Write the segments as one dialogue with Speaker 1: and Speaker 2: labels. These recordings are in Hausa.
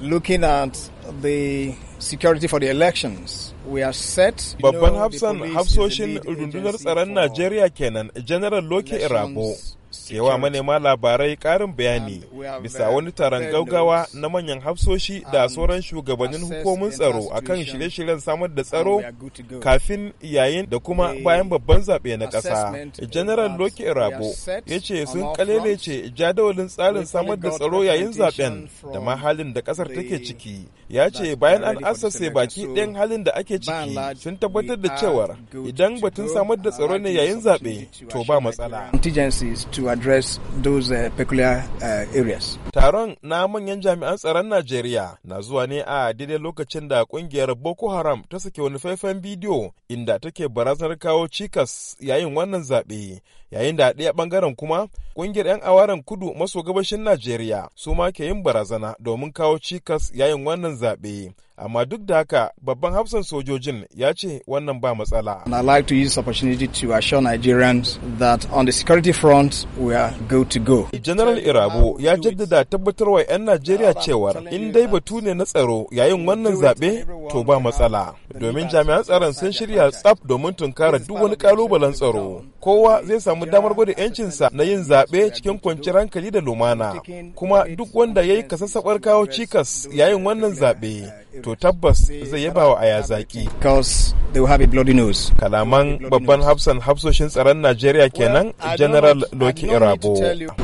Speaker 1: looking at the security for the elections. We are set. Babban hafsan hafsoshin rundunar tsaron Najeriya kenan, General Loke Irabo. yawa manema labarai karin bayani bisa wani taron gaugawa na manyan hafsoshi da sauran shugabannin hukumomin tsaro akan shirye-shiryen samar da tsaro kafin yayin da kuma bayan babban zaɓe na ƙasa. General Loki Irabo ya ce sun kalelece jadawalin tsarin samar da tsaro yayin zaɓen da ma halin da ƙasar take ciki. Ya ce bayan an asase baki ɗayan halin da ake ciki sun tabbatar da cewar idan batun samar da tsaro ne yayin zaɓe to ba matsala. address those uh, peculiar uh, areas. Taron na manyan jami'an tsaron Najeriya na zuwa ne a daidai lokacin da kungiyar Boko Haram ta sake wani faifan bidiyo inda take barazanar kawo cikas yayin wannan zaɓe. Yayin da ɗaya ɓangaren kuma kungiyar 'yan awaren kudu maso gabashin Najeriya su ma ke yin barazana domin kawo cikas yayin wannan zaɓe. amma duk da haka babban hafsan sojojin ya ce wannan ba matsala. And I like to use this opportunity to assure Nigerians that on the security front we are good to go. General Irabo ya jaddada tabbatarwa 'yan Najeriya cewar in dai batu ne na tsaro yayin wannan zaɓe to ba matsala domin jami'an tsaron sun shirya tsaf domin tunkara duk wani kalubalen tsaro kowa zai samu damar gwada yancinsa na yin zaɓe cikin kwanciyar hankali da lumana kuma duk wanda ya yi kasassaɓar kawo cikas yayin wannan zaɓe to tabbas zai yaba wa aya zaki kalaman babban hafsan hafsoshin tsaron najeriya kenan general loki irabo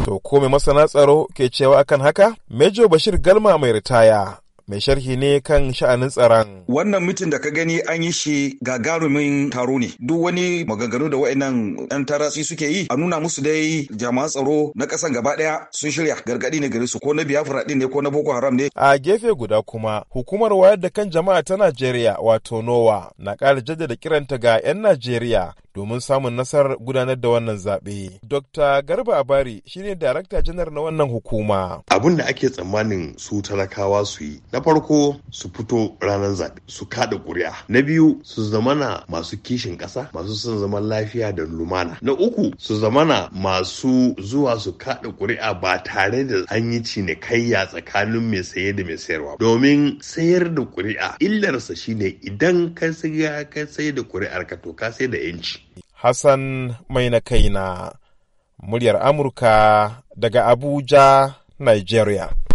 Speaker 1: to ko mai masana tsaro ke cewa akan haka major bashir galma mai ritaya mai sharhi ne kan sha'anin tsaron. Wannan mitin da ka gani an yi shi gagarumin taro ne. Duk wani maganganu da wa'annan 'yan tarasi suke yi a nuna musu dai jama'an tsaro na ƙasan gaba ɗaya sun shirya gargaɗi ne gare su ko na Biafra ɗin ne ko na Boko Haram ne. A gefe guda kuma hukumar wayar da kan jama'a ta Najeriya wato NOWA na ƙara jaddada kiranta ga 'yan Najeriya domin samun nasarar gudanar da wannan zaɓe. Dr. Garba
Speaker 2: Abari shine Darakta Janar na wannan hukuma. Abin da ake tsammanin su talakawa su yi, na farko su fito ranar zaɓe, su kaɗa ƙuri'a. Na biyu su zamana masu kishin ƙasa, masu son zaman lafiya da lumana. Na uku su zamana masu zuwa su kaɗa ƙuri'a ba tare da an yi cinikayya tsakanin mai saye da mai sayarwa. Domin sayar da ƙuri'a illarsa shine idan ka siya ka sai da ƙuri'ar ka to ka sai da yanci.
Speaker 1: Hassan mai na na muryar Amurka daga Abuja, Nigeria.